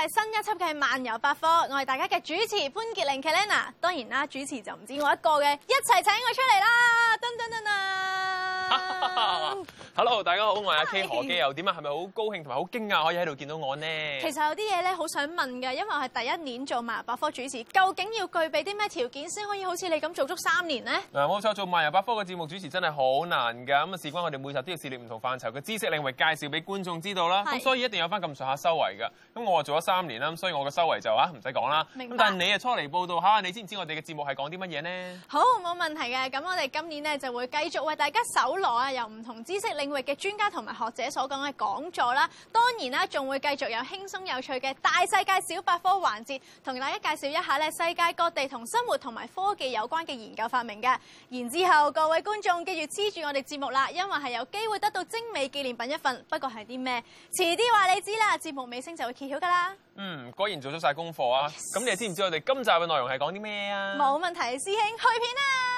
係新一輯嘅漫遊百科，我係大家嘅主持潘潔玲 Kalena，當然啦，主持就唔止我一個嘅，一齊請我出嚟啦！噔噔噔噔！Hello，大家好，Hi. 我係阿 K，何基，又點啊？係咪好高興同埋好驚訝可以喺度見到我呢？其實有啲嘢咧，好想問嘅，因為我係第一年做萬有百科主持，究竟要具備啲咩條件先可以好似你咁做足三年呢？嗱，冇錯，做萬有百科嘅節目主持真係好難㗎。咁啊，事關我哋每集都要涉獵唔同範疇嘅知識令，嚟介紹俾觀眾知道啦。咁 是所以一定有翻咁上下修為㗎。咁我做咗三年啦，所以我嘅修為就啊唔使講啦。咁白但係你啊初嚟報到下，你知唔知我哋嘅節目係講啲乜嘢呢？好，冇問題嘅。咁我哋今年咧就會繼續為大家搜羅啊，由唔同知識領域嘅專家同埋學者所講嘅講座啦，當然啦，仲會繼續有輕鬆有趣嘅大世界小百科環節，同大家介紹一下咧世界各地同生活同埋科技有關嘅研究發明嘅。然之後各位觀眾記住黐住我哋節目啦，因為係有機會得到精美紀念品一份，不過係啲咩？遲啲話你知啦，節目尾聲就會揭曉噶啦。嗯，果然做咗晒功課啊！咁 Yes. 你知唔知道我哋今集嘅內容係講啲咩啊？冇問題，師兄去片啊！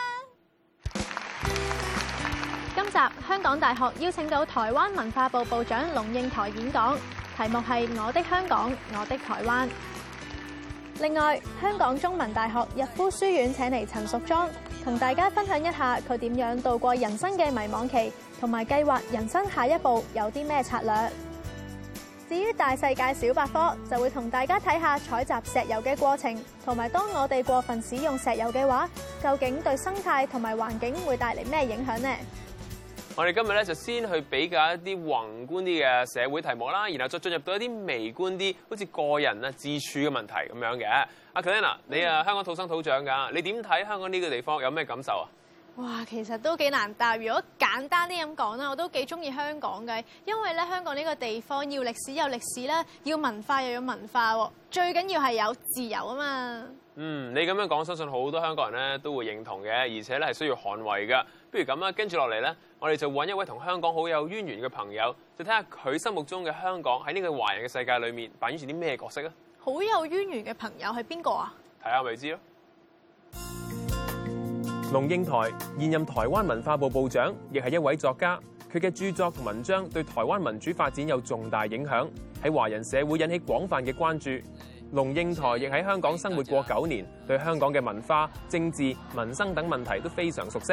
今集香港大學邀請到台灣文化部部長龍應台演講，題目係《我的香港，我的台灣》。另外，香港中文大學逸夫書院請嚟陳淑莊，同大家分享一下佢點樣度過人生嘅迷惘期，同埋計劃人生下一步有啲咩策略。至於大世界小百科，就會同大家睇下採集石油嘅過程，同埋當我哋過分使用石油嘅話，究竟對生態同埋環境會帶嚟咩影響呢？我哋今日咧就先去比較一啲宏觀啲嘅社會題目啦，然後再進入到一啲微觀啲，好似個人啊、自處嘅問題咁樣嘅。阿 Klena，你啊香港土生土長噶，你點睇香港呢個地方？有咩感受啊？哇，其實都幾難答。如果簡單啲咁講啦，我都幾中意香港嘅，因為咧香港呢個地方要歷史有歷史啦，要文化又有文化喎。最緊要係有自由啊嘛。嗯，你咁樣講，相信好多香港人咧都會認同嘅，而且咧係需要捍衞㗎。不如咁啊，跟住落嚟咧。我哋就揾一位同香港好有淵源嘅朋友，就睇下佢心目中嘅香港喺呢個華人嘅世界裏面扮演住啲咩角色啊。好有淵源嘅朋友係邊個啊？睇下咪知咯。龍應台現任台灣文化部部長，亦係一位作家，佢嘅著作同文章對台灣民主發展有重大影響，喺華人社會引起廣泛嘅關注。龍應台亦喺香港生活過九年，對香港嘅文化、政治、民生等問題都非常熟悉。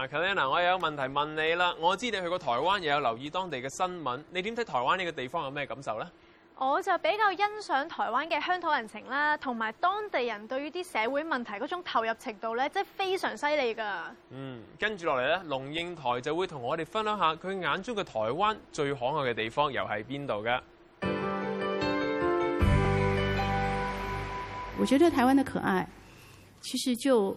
嗱，琴日嗱，ena，我又有問題問你啦。我知你去過台灣，又有留意當地嘅新聞，你點睇台灣呢個地方，有咩感受呢？我就比較欣賞台灣嘅鄉土人情啦，同埋當地人對於啲社會問題嗰種投入程度咧，即係非常犀利㗎。嗯，跟住落嚟咧，龍應台就會同我哋分享下佢眼中嘅台灣最可愛嘅地方又係邊度㗎？我覺得台灣的可愛，其實就。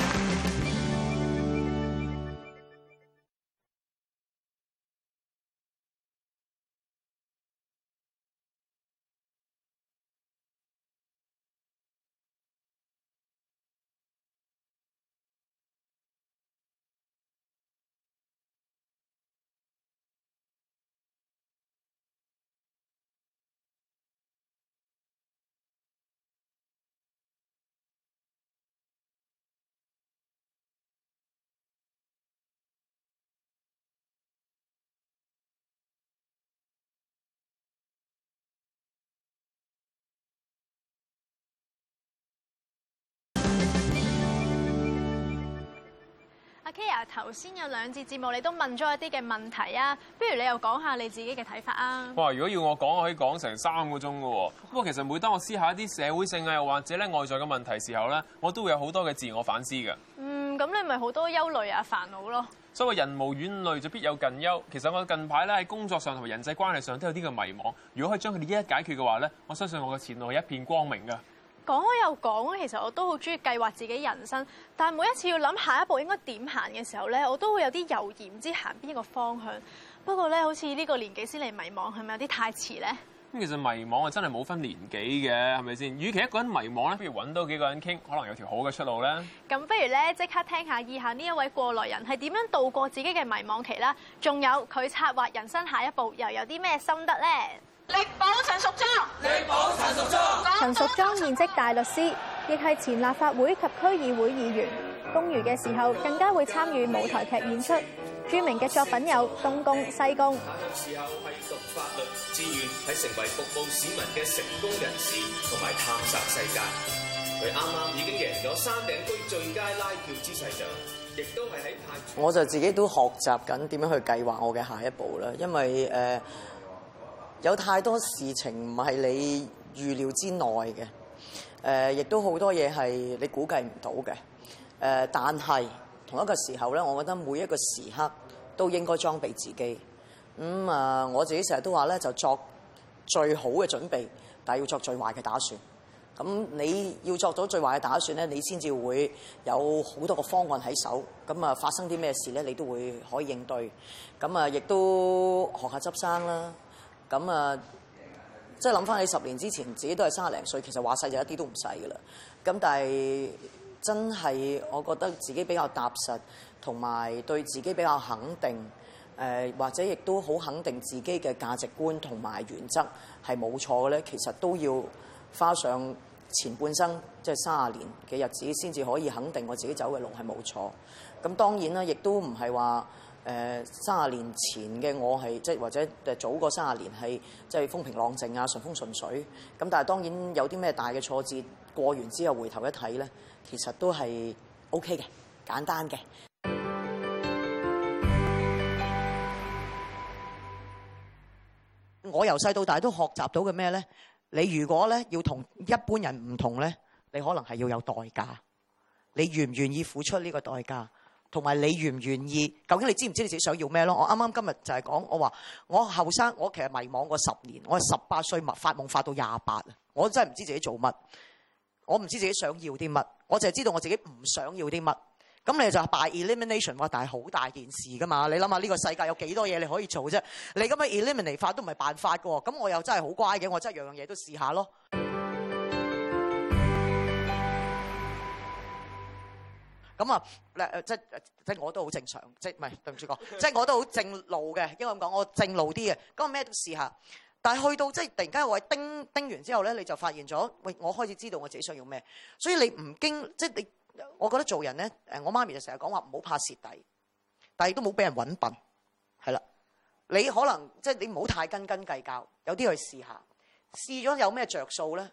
Kira，頭先有兩節節目，你都問咗一啲嘅問題啊，不如你又講下你自己嘅睇法啊？哇，如果要我講，我可以講成三個鐘噶喎。不過其實每當我思考一啲社會性啊，又或者咧外在嘅問題的時候咧，我都會有好多嘅自我反思嘅。嗯，咁你咪好多憂慮啊，煩惱咯。所謂人無遠慮，就必有近憂。其實我近排咧喺工作上同埋人際關係上都有啲嘅迷茫。如果可以將佢哋一一解決嘅話咧，我相信我嘅前路係一片光明嘅。講開又講，其實我都好中意計劃自己人生，但係每一次要諗下一步應該點行嘅時候咧，我都會有啲猶豫，唔知行邊一個方向。不過咧，好似呢個年紀先嚟迷茫，係咪有啲太遲咧？咁其實迷茫啊，真係冇分年紀嘅，係咪先？與其一個人迷茫咧，不如揾多幾個人傾，可能有條好嘅出路咧。咁不如咧，即刻聽下以下呢一位過來人係點樣度過自己嘅迷茫期啦，仲有佢策劃人生下一步又有啲咩心得咧？力保陳淑莊，力保陳淑莊。陳淑莊現職大律師，亦係前立法會及區議會議員。公餘嘅時候更加會參與舞台劇演出。著名嘅作品有東攻西攻《東宮》《西宮》。那時候係讀法律志願，係成為服務市民嘅成功人士同埋探索世界。佢啱啱已經贏咗山頂區最佳拉票姿勢獎，亦都係喺。我就自己都學習緊點樣去計劃我嘅下一步啦，因為誒。呃有太多事情唔係你預料之內嘅，誒、呃，亦都好多嘢係你估計唔到嘅。誒、呃，但係同一個時候咧，我覺得每一個時刻都應該裝備自己。咁、嗯、啊、呃，我自己成日都話咧，就作最好嘅準備，但係要作最壞嘅打算。咁你要作到最壞嘅打算咧，你先至會有好多個方案喺手。咁啊，發生啲咩事咧，你都會可以應對。咁啊，亦都學下執生啦。咁啊，即係諗翻起十年之前，自己都係三十零歲，其實話細就一啲都唔細嘅啦。咁但係真係，我覺得自己比較踏實，同埋對自己比較肯定。呃，或者亦都好肯定自己嘅價值觀同埋原則係冇錯嘅咧。其實都要花上前半生，即係三十年嘅日子，先至可以肯定我自己走嘅路係冇錯。咁當然啦，亦都唔係話。誒，三十年前嘅我係，即係或者誒，早過三十年係，即係風平浪靜啊，順風順水，咁但係當然有啲咩大嘅挫折，過完之後回頭一睇咧，其實都係 OK 嘅，簡單嘅。我由細到大都學習到嘅咩咧？你如果咧要同一般人唔同咧，你可能係要有代價，你願唔願意付出呢個代價？同埋你願唔願意？究竟你知唔知你自己想要咩咯？我啱啱今日就係講，我話我後生，我其實迷惘過十年。我係十八歲發夢發到廿八啊，我真係唔知自己做乜，我唔知自己想要啲乜，我就係知道我自己唔想要啲乜。咁你就話 by elimination，哇！但係好大件事噶嘛，你諗下呢個世界有幾多嘢你可以做啫？你咁樣 eliminate 法都唔係辦法噶喎。咁我又真係好乖嘅，我真係樣樣嘢都試下咯。咁啊，即係即係我都好正常，即係唔係對唔住講， 即係我都好正路嘅，因為咁講，我正路啲嘅，咁咩都試下。但係去到即係突然間，我叮叮完之後咧，你就發現咗，喂，我開始知道我自己想要咩。所以你唔經即係你，我覺得做人咧，誒，我媽咪就成日講話唔好怕蝕底，但係都冇俾人揾笨，係啦。你可能即係你唔好太斤斤計較，有啲去試下，試咗有咩着數咧？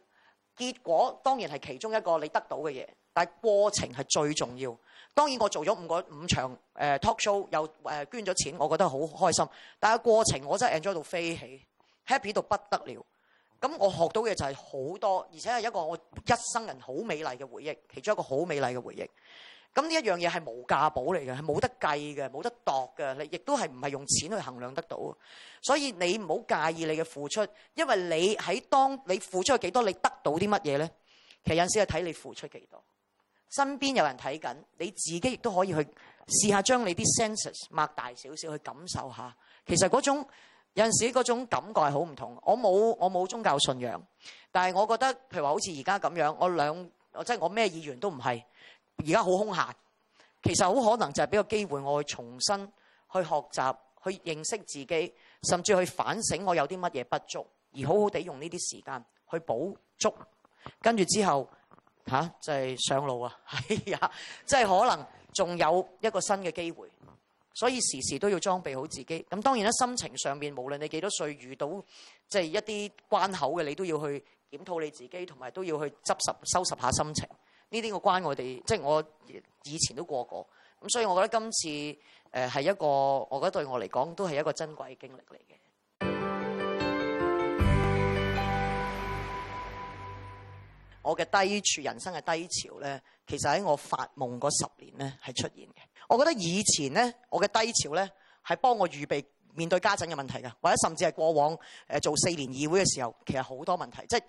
結果當然係其中一個你得到嘅嘢。但係過程係最重要。當然我做咗五個五場誒 talk show，又誒捐咗錢，我覺得好開心。但係過程我真係 enjoy 到飛起，happy 到不得了。咁我學到嘅就係好多，而且係一個我一生人好美麗嘅回憶，其中一個好美麗嘅回憶。咁呢一樣嘢係無價寶嚟嘅，係冇得計嘅，冇得度嘅，你亦都係唔係用錢去衡量得到。所以你唔好介意你嘅付出，因為你喺當你付出咗幾多，你得到啲乜嘢呢？其實有時係睇你付出幾多。身邊有人睇緊，你自己亦都可以去試下將你啲 senses 擘大少少去感受下。其實嗰種有陣時嗰種感覺係好唔同。我冇我冇宗教信仰，但係我覺得，譬如話好似而家咁樣，我兩即係我咩議員都唔係，而家好空閒。其實好可能就係俾個機會我去重新去學習、去認識自己，甚至去反省我有啲乜嘢不足，而好好地用呢啲時間去補足，跟住之後。吓，即係、啊就是、上路啊！哎呀，即係可能仲有一個新嘅機會，所以時時都要裝備好自己。咁當然啦，心情上面無論你幾多歲遇到即係一啲關口嘅，你都要去檢討你自己，同埋都要去執拾收拾一下心情。呢啲個關我哋即係我以前都過過咁，所以我覺得今次誒係一個我覺得對我嚟講都係一個珍貴嘅經歷嚟嘅。我嘅低處人生嘅低潮呢，其實喺我發夢嗰十年呢係出現嘅。我覺得以前呢，我嘅低潮呢係幫我預備面對家陣嘅問題嘅，或者甚至係過往誒、呃、做四年議會嘅時候，其實好多問題，即係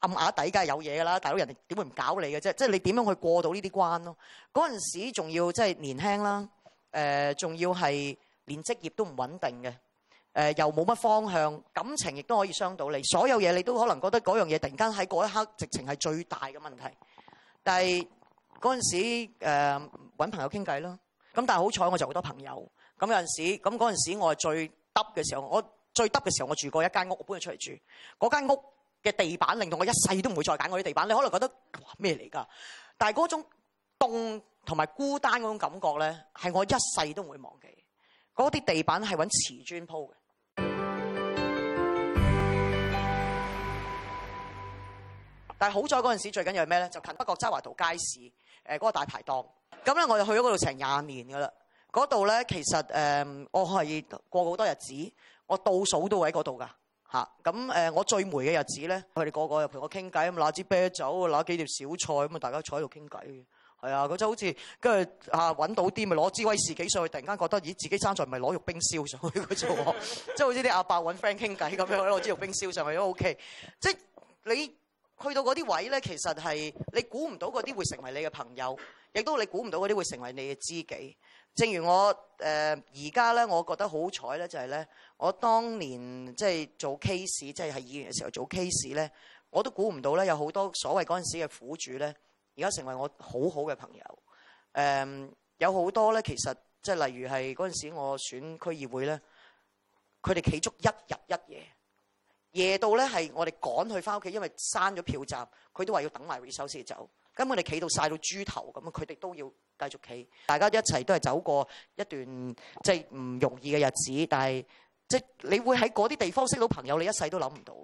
暗瓦底梗係有嘢噶啦。大佬人哋點會唔搞你嘅啫？即係你點樣去過到呢啲關咯？嗰陣時仲要即係年輕啦，誒、呃、仲要係連職業都唔穩定嘅。誒又冇乜方向，感情亦都可以傷到你。所有嘢你都可能覺得嗰樣嘢突然間喺嗰一刻直情係最大嘅問題。但係嗰陣時誒揾朋友傾偈咯。咁但係好彩我就好多朋友。咁有陣時，咁嗰陣時我係最揼嘅時候。我最揼嘅時候，我住過一間屋，我搬咗出嚟住。嗰間屋嘅地板令到我一世都唔會再揀嗰啲地板。你可能覺得哇咩嚟㗎？但係嗰種凍同埋孤單嗰種感覺咧，係我一世都唔會忘記。嗰啲地板係揾瓷磚鋪嘅。但係好彩嗰陣時最緊要係咩咧？就近北角渣華道街市，誒、呃、嗰、那個大排檔。咁咧，我就去咗嗰度成廿年㗎啦。嗰度咧，其實誒、呃，我係過好多日子，我倒數都會喺嗰度㗎。嚇、啊，咁誒、呃，我最黴嘅日子咧，佢哋個個又陪我傾偈，咁攞支啤酒，攞幾碟小菜，咁啊大家坐喺度傾偈嘅。係啊，嗰陣好似跟住啊揾到啲咪攞支威士忌上去，突然間覺得咦自己生財咪攞玉冰燒上去嗰種，即係 好似啲阿伯揾 friend 傾偈咁樣攞支玉冰燒上去都 OK。即係你。去到嗰啲位咧，其實係你估唔到嗰啲會成為你嘅朋友，亦都你估唔到嗰啲會成為你嘅知己。正如我誒而家咧，我覺得好彩咧，就係咧，我當年即係做 case，即係喺議員嘅時候做 case 咧，我都估唔到咧，有好多所謂嗰陣時嘅苦主咧，而家成為我好好嘅朋友。誒有好多咧，其實即係例如係嗰陣時我選區議會咧，佢哋企足一日一夜。.夜到咧係我哋趕去翻屋企，因為閂咗票站，佢都話要等埋回收先走。咁我哋企到晒到豬頭咁，佢哋都要繼續企，大家一齊都係走過一段即係唔容易嘅日子。但係即係你會喺嗰啲地方識到朋友，你一世都諗唔到。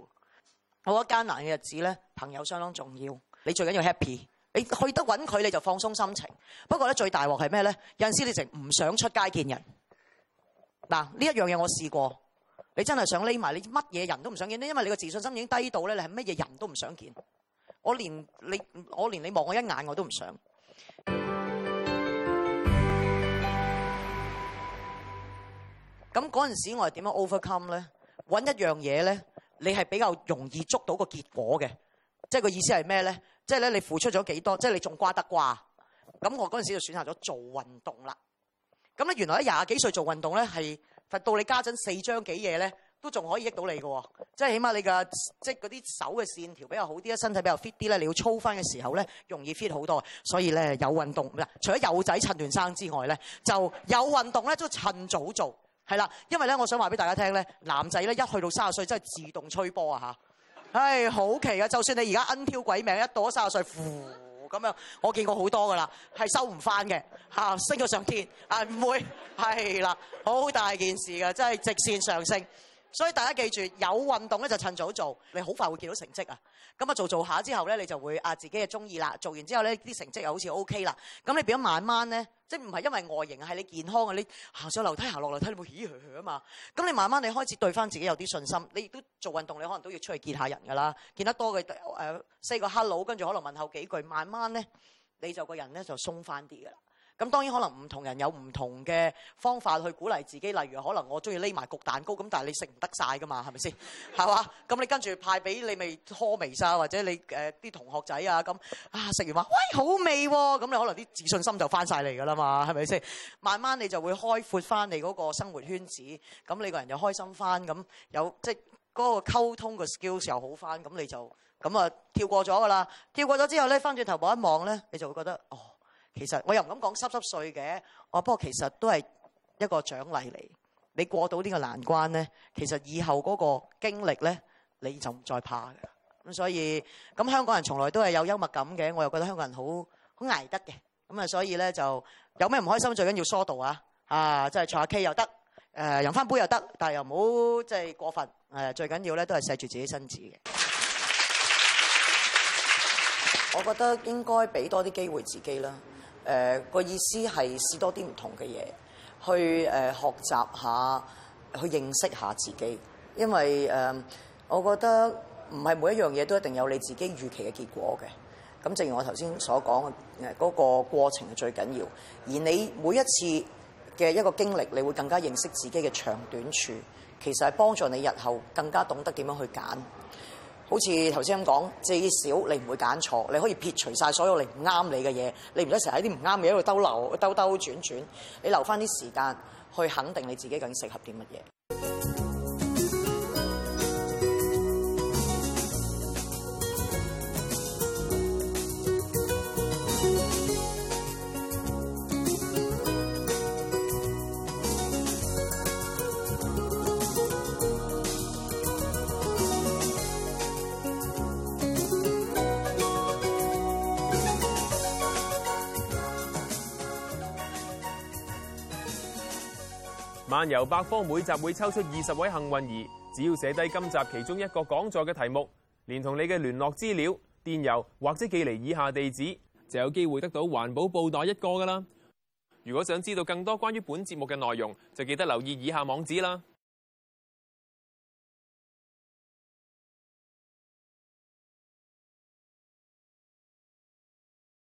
我覺得艱難嘅日子咧，朋友相當重要。你最緊要 happy，你去得揾佢，你就放鬆心情。不過咧，最大鑊係咩咧？有陣時你成日唔想出街見人。嗱，呢一樣嘢我試過。你真係想匿埋，你乜嘢人都唔想見。呢因為你個自信心已經低到咧，你係乜嘢人都唔想見。我連你，我連你望我一眼我都唔想。咁嗰陣時我係點樣 overcome 咧？揾一樣嘢咧，你係比較容易捉到個結果嘅。即係個意思係咩咧？即係咧你付出咗幾多？即係你種瓜得瓜。咁我嗰陣時就選擇咗做運動啦。咁咧原來喺廿幾歲做運動咧係。到你家陣四張幾嘢咧，都仲可以益到你嘅喎，即係起碼你嘅即係嗰啲手嘅線條比較好啲啊，身體比較 fit 啲咧，你要操翻嘅時候咧，容易 fit 好多。所以咧有運動嗱，除咗有仔趁團生之外咧，就有運動咧都趁早做，係啦。因為咧，我想話俾大家聽咧，男仔咧一去到三十歲真係自動吹波啊吓，唉、哎，好奇啊，就算你而家奀跳鬼命，一到咗卅歲，呼～咁樣我見過好多㗎啦，係收唔翻嘅，吓、啊，升咗上天，啊唔會係啦，好大件事㗎，真係直線上升。所以大家記住，有運動咧就趁早做，你好快會見到成績啊！咁啊做做下之後咧，你就會啊自己嘅鍾意啦。做完之後咧，啲成績又好似 OK 啦。咁你變咗慢慢咧，即係唔係因為外形係你健康啊？你行上樓梯行落樓梯你會嘻嘻哈哈啊嘛。咁你慢慢你開始對翻自己有啲信心。你亦都做運動，你可能都要出去見下人㗎啦。見得多嘅誒 say 個 hello，跟住可能問候幾句，慢慢咧你就個人咧就鬆翻啲㗎啦。咁當然可能唔同人有唔同嘅方法去鼓勵自己，例如可能我中意匿埋焗蛋糕，咁但係你食唔得晒㗎嘛，係咪先？係嘛？咁你跟住派俾你咪呵眉曬，或者你啲、呃、同學仔啊咁啊食完話喂好味喎、哦，咁你可能啲自信心就翻晒嚟㗎啦嘛，係咪先？慢慢你就會開闊翻你嗰個生活圈子，咁你個人又開心翻，咁有即係嗰、嗰個溝通嘅 skills 又好翻，咁你就咁啊跳過咗㗎啦，跳過咗之後咧，翻轉頭望一望咧，你就會覺得哦。其實我又唔敢講濕濕碎嘅。哦，不過其實都係一個獎勵嚟。你過到呢個難關呢，其實以後嗰個經歷咧，你就唔再怕嘅。咁所以咁香港人從來都係有幽默感嘅，我又覺得香港人好好捱得嘅。咁啊所以呢、啊啊，就有咩唔開心最緊要疏導啊啊，即係唱下 K 又得，誒飲翻杯又得，但係又唔好即係過分。誒、啊、最緊要呢都係錫住自己身子嘅。我覺得應該俾多啲機會自己啦。誒、呃個意思係試多啲唔同嘅嘢，去、呃、學習下，去認識下自己。因為、呃、我覺得唔係每一樣嘢都一定有你自己預期嘅結果嘅。咁正如我頭先所講，嗰個過程係最緊要。而你每一次嘅一個經歷，你會更加認識自己嘅長短處，其實係幫助你日後更加懂得點樣去揀。好似頭先咁講，至少你唔會揀錯，你可以撇除晒所有你唔啱你嘅嘢，你唔得成日喺啲唔啱嘅嘢度兜流，兜兜轉轉，你留返啲時間去肯定你自己究竟適合啲乜嘢。漫遊百科每集會抽出二十位幸運兒，只要寫低今集其中一個講座嘅題目，連同你嘅聯絡資料、電郵或者寄嚟以下地址，就有機會得到環保布袋一個㗎喇。如果想知道更多關於本節目嘅內容，就記得留意以下網址啦。